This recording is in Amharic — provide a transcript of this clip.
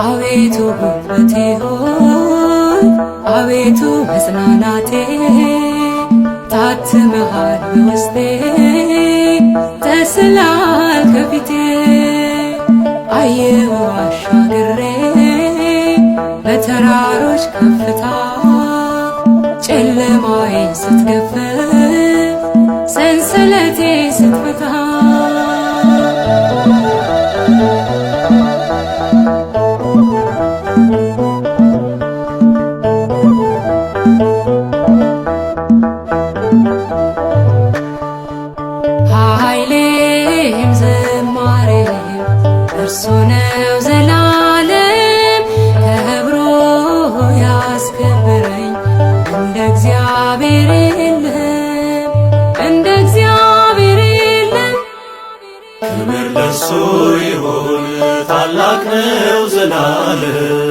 አቤቱ ጉልበቴ ሆይ አቤቱ መጽናናቴ ታትመሃል በውስጤ ተስላል ከፊቴ አየሁ አሻግሬ በተራሮች ከፍታ ጨለማዬን ስትገፍ ሰንሰለቴ ስትፈታ ኃይሌም ዝማሬም እርሱ ነው ዘላለም ከብሮ ያስከብረኝ እንደ የለም እንደ የለም። ክብር ለእርሱ ይሁን ታላቅ ነው ዘላለም